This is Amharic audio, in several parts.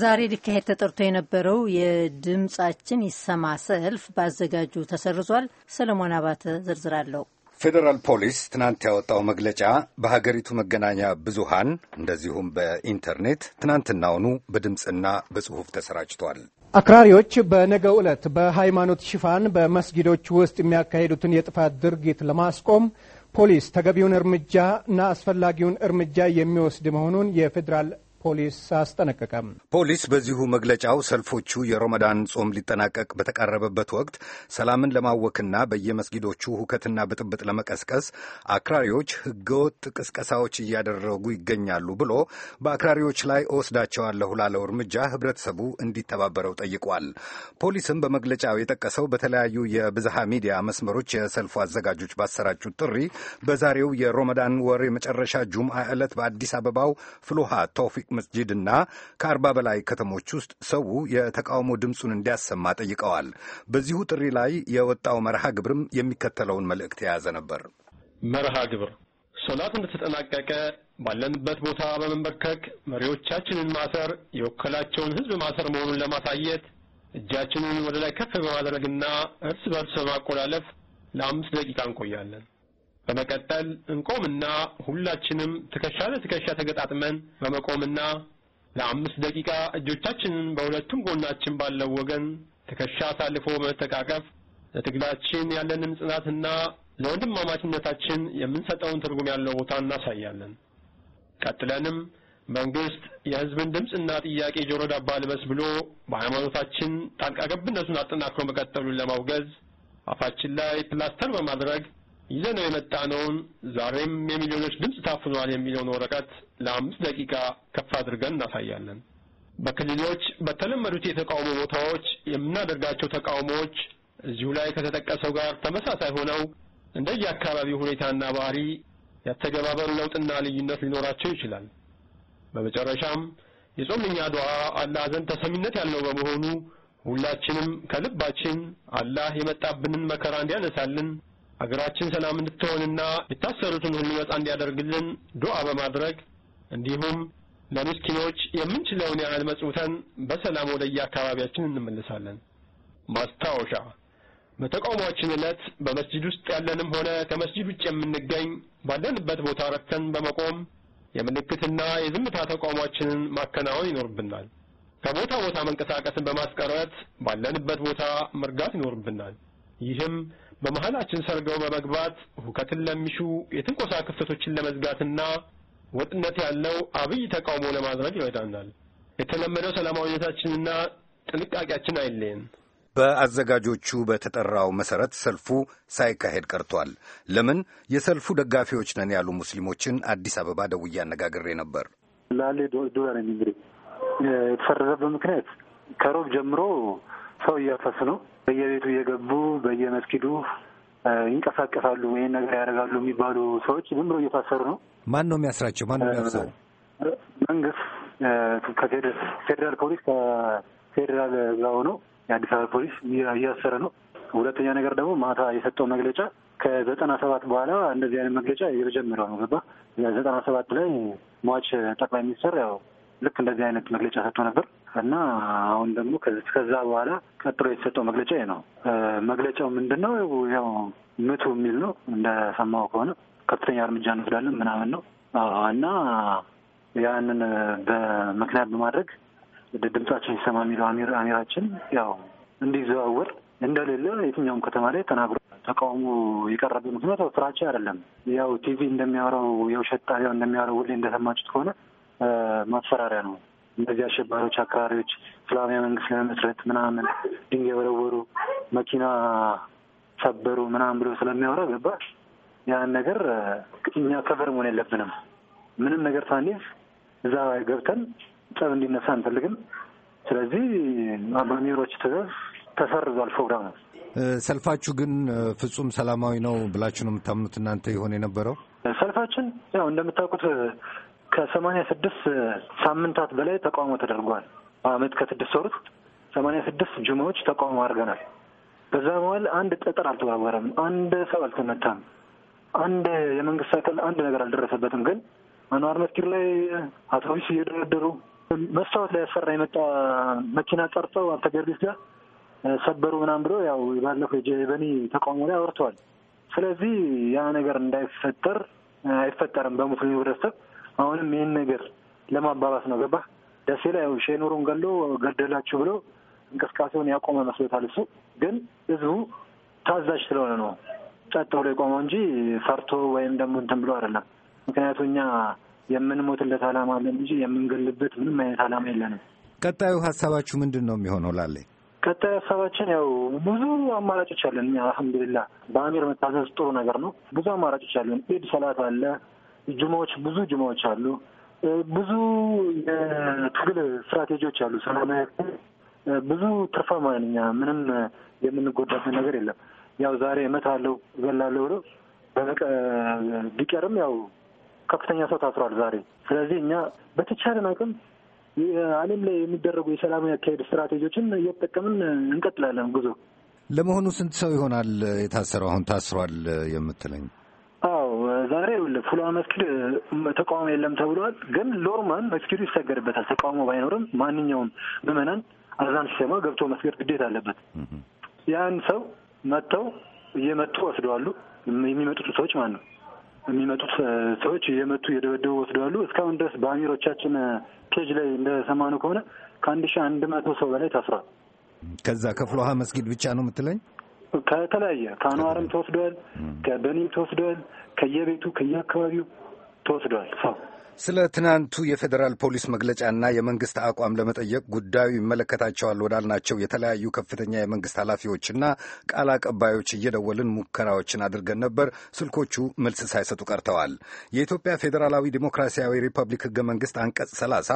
ዛሬ ሊካሄድ ተጠርቶ የነበረው የድምጻችን ይሰማ ሰልፍ በአዘጋጁ ተሰርዟል። ሰለሞን አባተ ዝርዝራለሁ። ፌዴራል ፖሊስ ትናንት ያወጣው መግለጫ በሀገሪቱ መገናኛ ብዙሃን እንደዚሁም በኢንተርኔት ትናንትናውኑ በድምፅና በጽሑፍ ተሰራጭቷል። አክራሪዎች በነገ ዕለት በሃይማኖት ሽፋን በመስጊዶች ውስጥ የሚያካሄዱትን የጥፋት ድርጊት ለማስቆም ፖሊስ ተገቢውን እርምጃና አስፈላጊውን እርምጃ የሚወስድ መሆኑን የፌዴራል ፖሊስ አስጠነቀቀም። ፖሊስ በዚሁ መግለጫው ሰልፎቹ የሮመዳን ጾም ሊጠናቀቅ በተቃረበበት ወቅት ሰላምን ለማወክና በየመስጊዶቹ ሁከትና ብጥብጥ ለመቀስቀስ አክራሪዎች ህገወጥ ቅስቀሳዎች እያደረጉ ይገኛሉ ብሎ በአክራሪዎች ላይ እወስዳቸዋለሁ ላለው እርምጃ ህብረተሰቡ እንዲተባበረው ጠይቋል። ፖሊስም በመግለጫው የጠቀሰው በተለያዩ የብዝሃ ሚዲያ መስመሮች የሰልፉ አዘጋጆች ባሰራጩት ጥሪ በዛሬው የሮመዳን ወር የመጨረሻ ጁምአ ዕለት በአዲስ አበባው ፍሉሃ ቶፊ መስጂድ እና ከአርባ በላይ ከተሞች ውስጥ ሰው የተቃውሞ ድምፁን እንዲያሰማ ጠይቀዋል። በዚሁ ጥሪ ላይ የወጣው መርሃ ግብርም የሚከተለውን መልእክት የያዘ ነበር። መርሃ ግብር ሶላት እንደተጠናቀቀ ባለንበት ቦታ በመንበርከክ መሪዎቻችንን ማሰር የወከላቸውን ሕዝብ ማሰር መሆኑን ለማሳየት እጃችንን ወደ ላይ ከፍ በማድረግና እርስ በርስ በማቆላለፍ ለአምስት ደቂቃ እንቆያለን። በመቀጠል እንቆምና ሁላችንም ትከሻ ለትከሻ ተገጣጥመን በመቆምና ለአምስት ደቂቃ እጆቻችንን በሁለቱም ጎናችን ባለው ወገን ትከሻ አሳልፎ መተቃቀፍ ለትግላችን ያለንን ጽናትና ለወንድማማችነታችን የምንሰጠውን ትርጉም ያለው ቦታ እናሳያለን። ቀጥለንም መንግስት የህዝብን ድምፅና ጥያቄ ጆሮ ዳባ ልበስ ብሎ በሃይማኖታችን ጣልቃ ገብነቱን አጠናክሮ መቀጠሉን ለማውገዝ አፋችን ላይ ፕላስተር በማድረግ ይዘነው የመጣነውን ዛሬም የሚሊዮኖች ድምጽ ታፍኗል የሚለውን ወረቀት ለአምስት ደቂቃ ከፍ አድርገን እናሳያለን። በክልሎች በተለመዱት የተቃውሞ ቦታዎች የምናደርጋቸው ተቃውሞዎች እዚሁ ላይ ከተጠቀሰው ጋር ተመሳሳይ ሆነው እንደየአካባቢው ሁኔታና ባህሪ ያተገባበሩ ለውጥና ልዩነት ሊኖራቸው ይችላል። በመጨረሻም የጾምኛ ዱዓ አላህ ዘንድ ተሰሚነት ያለው በመሆኑ ሁላችንም ከልባችን አላህ የመጣብንን መከራ እንዲያነሳልን አገራችን ሰላም እንድትሆንና የታሰሩትን ሁሉ ነጻ እንዲያደርግልን ዱዓ በማድረግ እንዲሁም ለምስኪኖች የምንችለውን ያህል መጽውተን በሰላም ወደየ አካባቢያችን እንመልሳለን። ማስታወሻ በተቃውሟችን ዕለት በመስጂድ ውስጥ ያለንም ሆነ ከመስጂድ ውጭ የምንገኝ ባለንበት ቦታ ረክተን በመቆም የምልክትና የዝምታ ተቃውሟችንን ማከናወን ይኖርብናል። ከቦታ ቦታ መንቀሳቀስን በማስቀረት ባለንበት ቦታ መርጋት ይኖርብናል። ይህም በመሃላችን ሰርገው በመግባት ሁከትን ለሚሹ የትንኮሳ ክፍተቶችን ለመዝጋትና ወጥነት ያለው አብይ ተቃውሞ ለማድረግ ይረዳናል። የተለመደው ሰላማዊነታችንና ጥንቃቄያችን አይለየን። በአዘጋጆቹ በተጠራው መሰረት ሰልፉ ሳይካሄድ ቀርቷል። ለምን? የሰልፉ ደጋፊዎች ነን ያሉ ሙስሊሞችን አዲስ አበባ ደውዬ አነጋግሬ ነበር። ላሌ ዱላ እንግዲህ የተፈረደበት ምክንያት ከሮብ ጀምሮ ሰው እያፈስ ነው በየቤቱ እየገቡ በየመስጊዱ ይንቀሳቀሳሉ፣ ይህን ነገር ያደርጋሉ የሚባሉ ሰዎች ዝም ብሎ እየታሰሩ ነው። ማን ነው የሚያስራቸው? ማን ነው የሚያስረው? መንግስት ከፌዴራል ፖሊስ ከፌዴራል ጋር ሆኖ የአዲስ አበባ ፖሊስ እያሰረ ነው። ሁለተኛ ነገር ደግሞ ማታ የሰጠው መግለጫ ከዘጠና ሰባት በኋላ እንደዚህ አይነት መግለጫ የመጀመሪያው ነው። ገባ ዘጠና ሰባት ላይ ሟች ጠቅላይ ሚኒስትር ያው ልክ እንደዚህ አይነት መግለጫ ሰጥቶ ነበር እና አሁን ደግሞ ከዛ በኋላ ቀጥሎ የተሰጠው መግለጫ ነው። መግለጫው ምንድን ነው? ያው ምቱ የሚል ነው እንደሰማው ከሆነ ከፍተኛ እርምጃ እንወስዳለን ምናምን ነው እና ያንን በምክንያት በማድረግ ድምጻችን ይሰማ የሚለው አሚር አሚራችን ያው እንዲዘዋወር እንደሌለ የትኛውም ከተማ ላይ ተናግሮ ተቃውሞ የቀረበ ምክንያት ፍራቻ አይደለም። ያው ቲቪ እንደሚያወራው የውሸት ጣቢያው እንደሚያወራው ሁሌ እንደሰማችሁት ከሆነ ማፈራሪያ ነው። እነዚህ አሸባሪዎች፣ አክራሪዎች እስላማዊ መንግስት ለመመስረት ምናምን ድንጋይ ወረወሩ፣ መኪና ሰበሩ ምናምን ብሎ ስለሚያወራ ገባ ያን ነገር እኛ ከበር መሆን የለብንም። ምንም ነገር ሳንይዝ እዛ ገብተን ጸብ እንዲነሳ አንፈልግም። ስለዚህ በሚሮች ትእዛዝ ተሰርዟል ፕሮግራሙ። ሰልፋችሁ ግን ፍጹም ሰላማዊ ነው ብላችሁ ነው የምታምኑት እናንተ? የሆነ የነበረው ሰልፋችን ያው እንደምታውቁት ከሰማኒያ ስድስት ሳምንታት በላይ ተቃውሞ ተደርጓል። በአመት ከስድስት ወር ውስጥ ሰማኒያ ስድስት ጅማዎች ተቃውሞ አድርገናል። በዛ መዋል አንድ ጠጠር አልተባበረም፣ አንድ ሰው አልተመታም፣ አንድ የመንግስት አካል አንድ ነገር አልደረሰበትም። ግን አንዋር መስጊድ ላይ አውቶቡስ እየደረደሩ መስታወት ላይ ያስፈራ የመጣ መኪና ጠርተው አብተ ጊዮርጊስ ጋር ሰበሩ ምናም ብሎ ያው ባለፈው የጀበኒ ተቃውሞ ላይ አውርተዋል። ስለዚህ ያ ነገር እንዳይፈጠር አይፈጠርም በሙስሊም ህብረተሰብ አሁንም ይህን ነገር ለማባባስ ነው። ገባ ደሴ ላይ ሼኑሩን ገሎ ገደላችሁ ብሎ እንቅስቃሴውን ያቆመ መስሎታል። እሱ ግን ህዝቡ ታዛዥ ስለሆነ ነው ጸጥ ብሎ የቆመው እንጂ ፈርቶ ወይም ደግሞ እንትን ብሎ አይደለም። ምክንያቱ እኛ የምንሞትለት ዓላማ አለን እንጂ የምንገልበት ምንም አይነት ዓላማ የለንም። ቀጣዩ ሀሳባችሁ ምንድን ነው የሚሆነው? ላለ ቀጣዩ ሀሳባችን ያው ብዙ አማራጮች አለን። አልሐምዱሊላ በአሚር መታዘዝ ጥሩ ነገር ነው። ብዙ አማራጮች አለን። ኢድ ሰላት አለ፣ ጅማዎች ብዙ ጅማዎች አሉ። ብዙ የትግል ስትራቴጂዎች አሉ። ሰላማዊ ብዙ ትርፋማ ነኝ። ምንም የምንጎዳበት ነገር የለም። ያው ዛሬ እመታለሁ፣ እገላለሁ ብሎ ቢቀርም ያው ከፍተኛ ሰው ታስሯል ዛሬ። ስለዚህ እኛ በተቻለን አቅም ዓለም ላይ የሚደረጉ የሰላማዊ አካሄድ ስትራቴጂዎችን እየተጠቀምን እንቀጥላለን ጉዞ። ለመሆኑ ስንት ሰው ይሆናል የታሰረው? አሁን ታስሯል የምትለኝ ዛሬ ፍልውሃ መስጊድ ተቃውሞ የለም ተብሏል። ግን ሎርማን መስጊዱ ይሰገድበታል። ተቃውሞ ባይኖርም ማንኛውም ምዕመናን አዛን ሲሰማ ገብቶ መስገድ ግዴታ አለበት። ያን ሰው መጥተው እየመቱ ወስደዋሉ። የሚመጡት ሰዎች ማን ነው? የሚመጡት ሰዎች እየመቱ እየደበደቡ ወስደዋሉ። እስካሁን ድረስ በአሚሮቻችን ፔጅ ላይ እንደሰማነው ከሆነ ከአንድ ሺህ አንድ መቶ ሰው በላይ ታስሯል። ከዛ ከፍልውሃ መስጊድ ብቻ ነው የምትለኝ? ከተለያየ ከአንዋርም ተወስደዋል፣ ከበኒም ተወስደዋል፣ ከየቤቱ ከየአካባቢው ተወስደዋል። ሰው ስለ ትናንቱ የፌዴራል ፖሊስ መግለጫና የመንግስት አቋም ለመጠየቅ ጉዳዩ ይመለከታቸዋል ወዳልናቸው የተለያዩ ከፍተኛ የመንግስት ኃላፊዎችና ቃል አቀባዮች እየደወልን ሙከራዎችን አድርገን ነበር። ስልኮቹ መልስ ሳይሰጡ ቀርተዋል። የኢትዮጵያ ፌዴራላዊ ዲሞክራሲያዊ ሪፐብሊክ ህገ መንግስት አንቀጽ ሰላሳ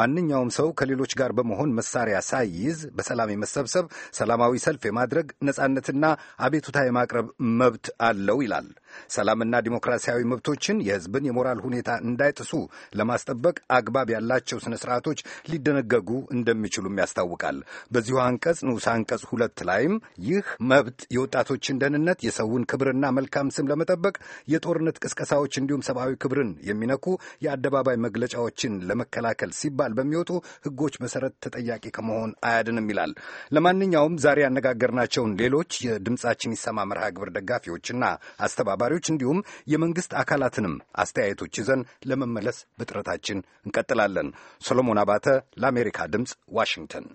ማንኛውም ሰው ከሌሎች ጋር በመሆን መሳሪያ ሳይይዝ በሰላም የመሰብሰብ ሰላማዊ ሰልፍ የማድረግ ነጻነትና አቤቱታ የማቅረብ መብት አለው ይላል። ሰላምና ዲሞክራሲያዊ መብቶችን የህዝብን የሞራል ሁኔታ እንዳይጥሱ ለማስጠበቅ አግባብ ያላቸው ስነ ስርዓቶች ሊደነገጉ እንደሚችሉም ያስታውቃል። በዚሁ አንቀጽ ንዑስ አንቀጽ ሁለት ላይም ይህ መብት የወጣቶችን ደህንነት፣ የሰውን ክብርና መልካም ስም ለመጠበቅ የጦርነት ቅስቀሳዎች እንዲሁም ሰብአዊ ክብርን የሚነኩ የአደባባይ መግለጫዎችን ለመከላከል ሲባል በሚወጡ ህጎች መሰረት ተጠያቂ ከመሆን አያድንም ይላል። ለማንኛውም ዛሬ ያነጋገርናቸውን ሌሎች የድምጻችን ይሰማ መርሃ ግብር ደጋፊዎችና አስተባባ አስተባባሪዎች እንዲሁም የመንግስት አካላትንም አስተያየቶች ይዘን ለመመለስ በጥረታችን እንቀጥላለን። ሰሎሞን አባተ ለአሜሪካ ድምፅ ዋሽንግተን